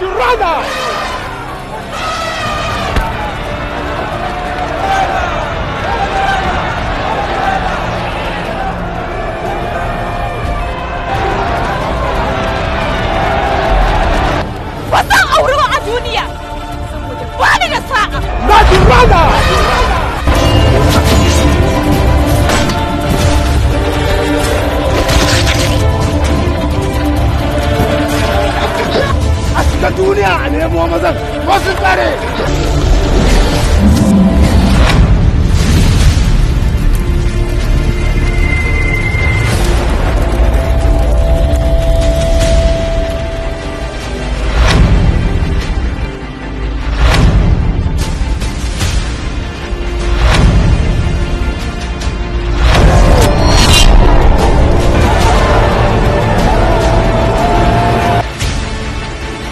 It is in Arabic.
جرانا وساء روع دنيا وعمل ساء ما جرانا ka duniya a nemo mazan wasu tsare